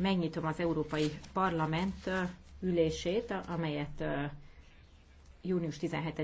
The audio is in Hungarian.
megnyitom az Európai Parlament ülését, amelyet június 17